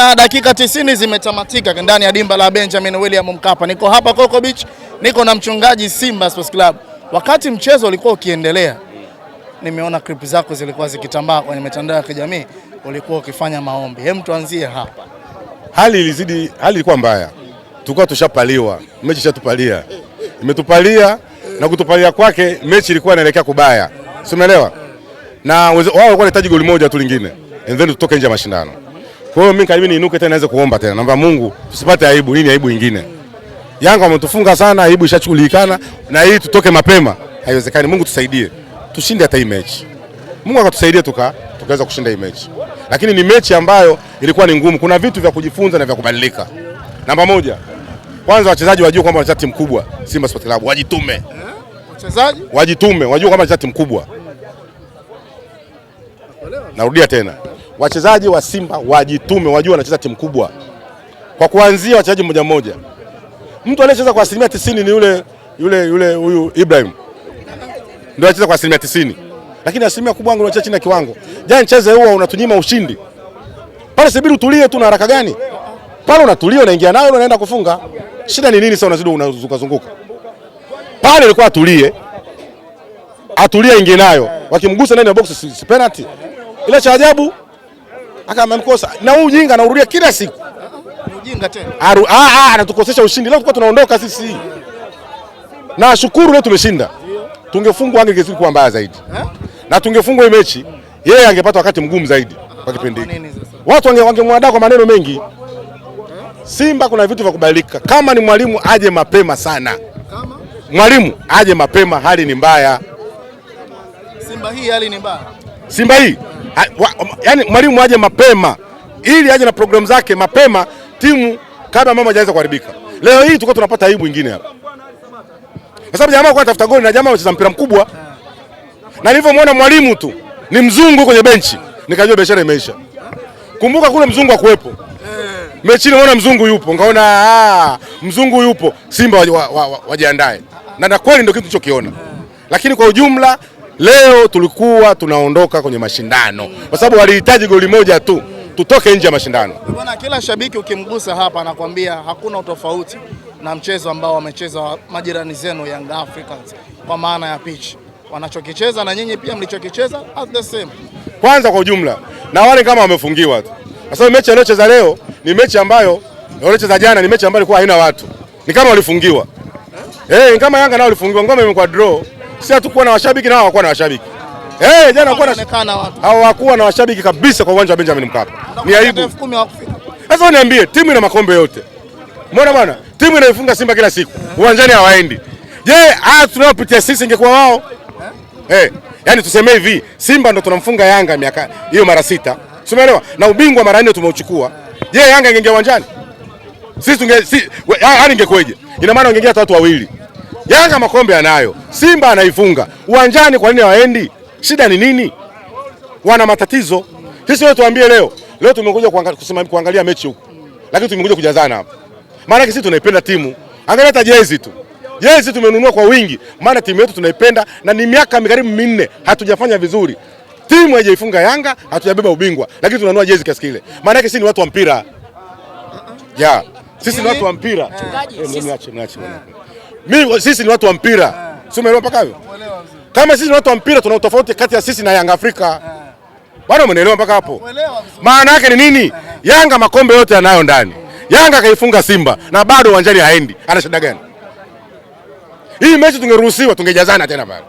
Bwana, dakika 90 zimetamatika ndani ya dimba la Benjamin William Mkapa. Niko hapa Coco Beach, niko na mchungaji Simba Sports Club. Wakati mchezo ulikuwa ukiendelea, nimeona clip zako zilikuwa zikitambaa kwenye mitandao ya kijamii, ulikuwa ukifanya maombi. Hem, tuanzie hapa. Hali ilizidi, hali ilikuwa mbaya, tulikuwa tushapaliwa, mechi ishatupalia, imetupalia na kutupalia kwake, mechi ilikuwa inaelekea kubaya, si umeelewa? Na wao walikuwa wanahitaji goli moja tu lingine, and then tutoke nje ya mashindano. Kwa hiyo mimi karibu niinuke tena niweze kuomba tena. Naomba Mungu tusipate aibu, hii ni aibu nyingine. Yanga wametufunga sana, aibu ishachukulikana na hii tutoke mapema. Haiwezekani. Mungu tusaidie. Tushinde hata hii mechi. Mungu akatusaidie tuka tukaweza kushinda hii mechi. Lakini ni mechi ambayo ilikuwa ni ngumu. Kuna vitu vya kujifunza na vya kubadilika. Namba moja. Kwanza wachezaji wajue kwamba wanacheza timu kubwa, Simba Sports Club, wajitume. Wachezaji wajitume, wajue kwamba wanacheza timu kubwa. Narudia tena wachezaji wa Simba wajitume, wajua wanacheza timu kubwa, kwa kuanzia wachezaji mmoja mmoja. Mtu anayecheza kwa asilimia tisini ni yule yule yule huyu Ibrahim, ndio anacheza kwa asilimia tisini, lakini asilimia kubwa wangu wanacheza chini ya kiwango. Jana mchezo huo unatunyima ushindi pale, sibiri utulie tu, na haraka gani pale? Unatulia, unaingia nayo, unaenda kufunga. Shida ni nini sasa? Unazidi unazunguka zunguka pale, ilikuwa atulie, atulie, ingie nayo, wakimgusa ndani ya box si penalty. ile cha ajabu akamkosa na huu ujinga anarudia kila siku. Ujinga tena. Ah, ah, anatukosesha ushindi. Leo tulikuwa tunaondoka sisi. Na shukuru leo tumeshinda. Tungefungwa angekizidi kuwa mbaya zaidi. Eh? Na tungefungwa hii mechi, yeye angepata wakati mgumu zaidi ah, kwa kipindi hiki. Watu wangemwadaa kwa maneno mengi. Eh? Simba kuna vitu vya kubadilika Kama ni mwalimu aje mapema sana. Kama mwalimu aje mapema, hali ni mbaya. Simba hii hali ni mbaya. Simba hii eh yani mwalimu aje mapema ili aje na programu zake mapema, timu kabla mama hajaanza kuharibika. Leo hii tulikuwa tunapata aibu nyingine hapa, kwa sababu jamaa alikuwa anatafuta goli na jamaa anacheza mpira mkubwa, na nilivyomwona mwalimu tu ni mzungu kwenye benchi, nikajua biashara imeisha. Kumbuka kule mzungu hakuwepo mechi ile, mzungu yupo, ngaona aa, ah, mzungu yupo, Simba wajiandae wa, wa, wa, na na kweli ndio kitu nilichokiona, lakini kwa ujumla Leo tulikuwa tunaondoka kwenye mashindano kwa sababu walihitaji goli moja tu tutoke nje ya mashindano. Bwana, kila shabiki ukimgusa hapa anakuambia hakuna utofauti na mchezo ambao wamecheza majirani zenu Young Africans kwa maana ya pitch, wanachokicheza na nyinyi pia mlichokicheza at the same. Kwanza kwa ujumla na wale kama wamefungiwa tu, kwa sababu mechi waliocheza leo ni mechi ambayo waliocheza jana ni mechi ambayo ilikuwa haina watu, ni kama walifungiwa eh, hey, eh, kama Yanga nao walifungiwa, ngome imekuwa draw si hatukuwa na washabiki na hawakuwa na washabiki. Eh, jana hawakuwa na washabiki kabisa kwa uwanja wa Benjamin Mkapa. Ni aibu. Sasa niambie, timu ina makombe yote. Umeona bwana? Timu inaifunga Simba kila siku. Uwanjani hawaendi. Je, haya tunayopitia sisi ingekuwa wao? Eh, eh yani tuseme hivi, Simba ndo tunamfunga Yanga miaka hiyo mara sita. Umeelewa? Na ubingwa mara nne tumeuchukua. Je, Yanga ingeingia uwanjani? Sisi tunge si, yani ingekuwaje? Ina maana ungeingia watu wawili. Yanga makombe anayo, Simba anaifunga uwanjani, kwa nini waendi? Shida ni nini? Wana matatizo. Sisi wewe tuambie leo, leo tumekuja kuangalia, kuangalia mechi huku, lakini tumekuja kujazana hapa, maana sisi tunaipenda timu. Angalia hata jezi tu jezi tumenunua kwa wingi, maana timu yetu tunaipenda, na ni miaka karibu minne hatujafanya vizuri. Timu haijaifunga Yanga, hatujabeba ubingwa, lakini tunanua jezi kiasi kile. Maana yake sisi ni watu wa mpira, ya yeah. Sisi ni watu wa mpira. Mimi sisi ni watu wa mpira, yeah. Sio umeelewa mpaka hapo? Kama sisi ni watu wa mpira, tuna utofauti kati ya sisi na Yanga Afrika yeah. bwana, umeelewa mpaka hapo? Maana yake ni nini? Eh. Yanga makombe yote yanayo ndani. Yanga kaifunga Simba na bado uwanjani haendi, ana shida gani? Hii mechi tungeruhusiwa, tungejazana tena pale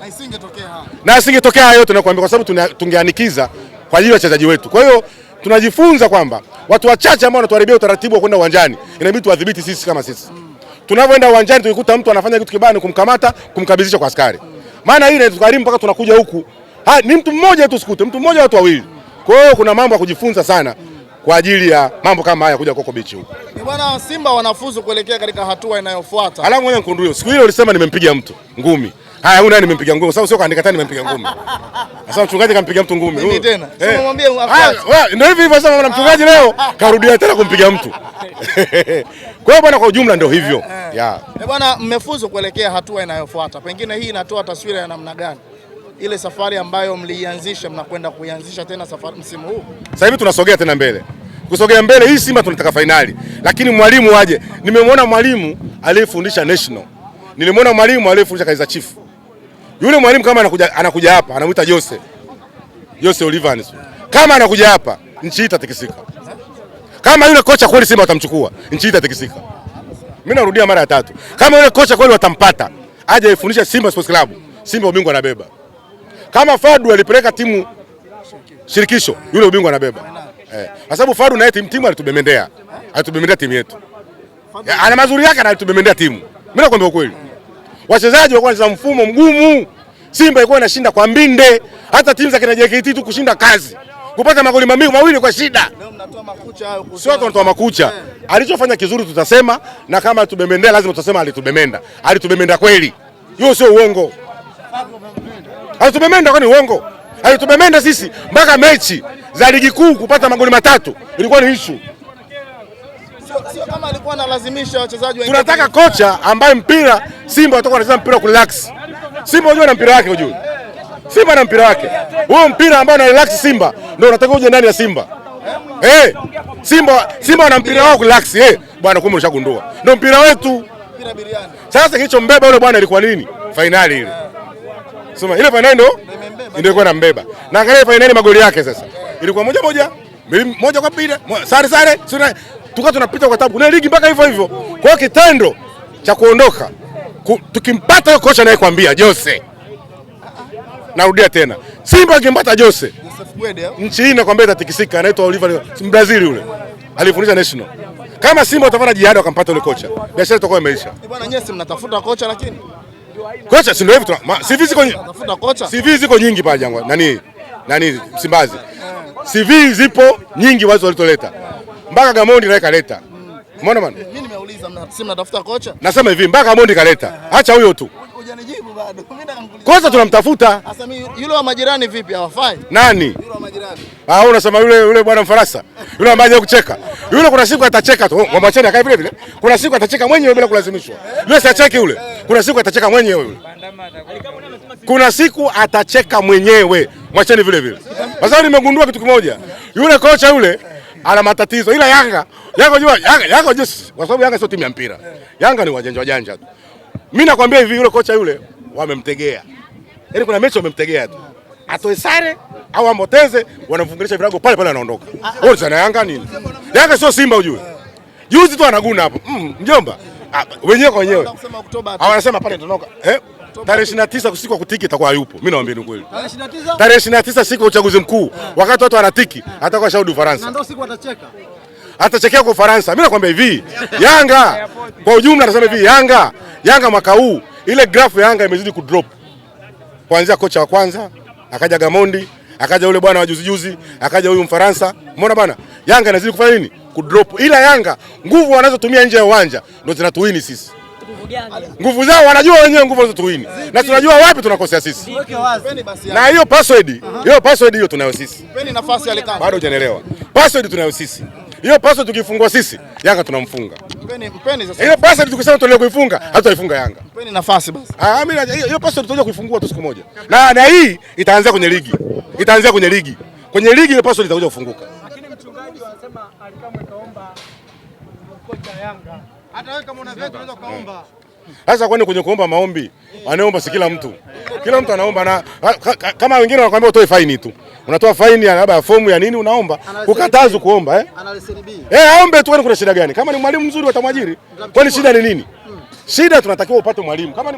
na isingetokea Na isingetokea hayo yote, nakwambia, kwa sababu tungeanikiza kwa ajili ya wachezaji wetu. Kwa hiyo tunajifunza kwamba watu wachache ambao wanatuharibia utaratibu wa kwenda uwanjani inabidi tuwadhibiti sisi kama sisi. Mm tunavyoenda uwanjani tukikuta mtu anafanya kitu kibaya ni kumkamata, kumkabidhisha kwa askari. Maana hii inatukarimu mpaka tunakuja huku. Ha, ni mtu mmoja tu sikute, mtu mmoja watu wawili. Kwa hiyo kuna mambo ya kujifunza sana kwa ajili ya mambo kama haya kuja Koko Beach huku. Bwana Simba wanafuzu kuelekea katika hatua inayofuata. Alafu mwenye kundurio, siku ile ulisema nimempiga mtu ngumi. Haya, huyu nani nimempiga ngumi? Sababu sio kaandika tani nimempiga ngumi. Sasa mchungaji kampiga mtu ngumi. Ni tena. Eh. Sio mwambie. Ndio hivi hivyo sasa mwana mchungaji leo karudia tena kumpiga mtu. Kwa hiyo bwana, kwa ujumla ndio hivyo eh. Yeah. E eh, bwana, mmefuzu kuelekea hatua inayofuata, pengine hii inatoa taswira ya namna gani ile safari ambayo mliianzisha mnakwenda kuianzisha tena safari msimu huu? Sasa hivi tunasogea tena mbele, kusogea mbele hii Simba tunataka fainali, lakini mwalimu aje. Nimemwona mwalimu aliyefundisha national, nilimwona mwalimu aliyefundisha Kaizer Chiefs. Yule mwalimu kama anakuja anakuja hapa, anamuita Jose Jose Olivans, kama anakuja hapa nchi itatikisika. Kama yule kocha kweli Simba watamchukua, nchi itatikisika. Mimi narudia mara ya tatu, kama yule kocha kweli watampata, aje afundishe Simba Sports Club, Simba ubingwa anabeba. Kama Fadu alipeleka timu shirikisho, yule ubingwa anabeba eh, kwa sababu Fadu naye timu timu alitubemendea, alitubemendea timu yetu, ana mazuri yake na alitubemendea timu. Mimi nakwambia ukweli, wachezaji walikuwa wanacheza mfumo mgumu. Simba ilikuwa inashinda kwa mbinde, hata timu za kina JKT tu kushinda kazi, kupata magoli mawili kwa shida sio watu wanatoa makucha. Eh. Alichofanya kizuri tutasema, na kama alitubemendea lazima tutasema alitubemenda, alitubemenda kweli, hiyo sio uongo. Alitubemenda kwani uongo? Alitubemenda sisi mpaka mechi za ligi kuu kupata magoli matatu ilikuwa ni issue. Sio kama alikuwa analazimisha wachezaji wengine. Tunataka kocha ambaye mpira Simba watakuwa wanacheza mpira relax. Simba unajua na mpira wake unajua. Simba na mpira wake. Huo mpira ambao na relax Simba ndio unatakiwa uje ndani ya Simba. Eh, Simba, Simba wana mpira wao relax eh. Bwana kumbe ulishagundua. ndio mpira wetu. Mpira biriani. Sasa kicho mbeba yule bwana ilikuwa nini? Finali ile sema ile finali ndio ndio ilikuwa inambeba, na angalia finali magoli yake sasa ilikuwa moja moja moja kwa bila sare sare, Sura tuka tunapita kwa tabu na ligi mpaka hivyo hivyo. Kwa hiyo kitendo cha kuondoka tukimpata kocha naye kwambia Jose, narudia tena, Simba akimpata Jose Eh? nchi hii nakwambia itatikisika. Anaitwa Oliver, Brazil yule alifundisha national. Kama Simba watafanya jihadi wakampata yule kocha, biashara itakuwa imeisha. Eh, bwana nyesi, mnatafuta kocha lakini kocha si ndio hivyo, CV ziko nyingi, CV ziko nyingi pale Jangwa nani nani Msimbazi, CV zipo nyingi, wazo walitoleta mpaka Gamondi naye kaleta. Umeona bwana, mimi nimeuliza, mnasema mnatafuta kocha, nasema hivi mpaka Gamondi kaleta, acha huyo tu. Kwanza tunamtafuta. Sasa mimi yule wa majirani vipi hawafai? Nani? Yule wa majirani. Ah, unasema yule yule bwana mfarasa. Yule ambaye kucheka. Yule kuna siku atacheka tu. Mwacheni akae vile vile. Kuna siku atacheka mwenyewe bila kulazimishwa. Yule si acheki yule. Kuna siku atacheka mwenyewe yule. Kuna siku atacheka mwenyewe. Mwacheni vile vile. Sasa nimegundua kitu kimoja. Yule kocha yule ana matatizo. Ila Yanga, Yanga unajua Yanga, Yanga kwa sababu Yanga sio timu ya mpira. Yanga ni wajanja wajanja tu. Mimi nakwambia hivi yule kocha yule wamemtegea, yaani kuna mechi wamemtegea tu, atoe sare au amboteze, wanamfunganisha virago pale pale, anaondoka. Wewe sana Yanga nini? Yanga sio Simba, ujue juzi tu anaguna hapo mm, mjomba ah, wenyewe kwa wenyewe wanasema pale tunaoka eh Tarehe 29 usiku wa kutiki itakuwa hayupo. Mimi nawaambia ni kweli. Tarehe 29 Tarehe 29 siku ya uchaguzi mkuu, Yeah. wakati watu wanatiki, atakuwa shahidi Ufaransa. Na ndio siku atacheka. Atachekea kwa Ufaransa. Mimi nakwambia hivi, Yanga kwa ujumla nasema hivi, Yanga Yanga mwaka huu ile grafu ya Yanga imezidi kudrop kuanzia kocha wa kwanza akaja Gamondi akaja yule bwana wa juzi juzi akaja huyu Mfaransa. Umeona bwana, Yanga inazidi kufanya nini? Kudrop. Ila Yanga nguvu wanazotumia nje ya uwanja ndio zinatuwini sisi. Nguvu zao wanajua wenyewe, nguvu wanazotuwini na tunajua wapi tunakosea sisi, na hiyo password hiyo password hiyo tunayo sisi. Bado hujanielewa? Password tunayo sisi. Hiyo pasi tukifungwa sisi Yanga tunamfunga. Mpeni mpeni sasa. Hiyo pasi tukisema tunataka kuifunga, hatutaifunga Yanga. Mpeni nafasi basi. Ah, ah mimi hiyo pasi tutaenda kuifungua tu siku moja. Na na hii itaanzia kwenye ligi. Itaanzia kwenye ligi. Kwenye ligi ile pasi itakuja kufunguka. Lakini mchungaji anasema alikamwe kaomba kocha Yanga. Hata wewe kama una vetu unaweza kaomba. Sasa kwani kwenye kuomba maombi anaomba si kila mtu, kila mtu anaomba na kama wengine wanakuambia utoe faini tu, unatoa faini labda ya fomu ya nini, unaomba ukatazu kuomba eh, eh aombe tu. Kwani kuna shida gani? Kama ni mwalimu mzuri watamwajiri, kwani shida ni nini? Hmm. Shida tunatakiwa upate mwalimu kama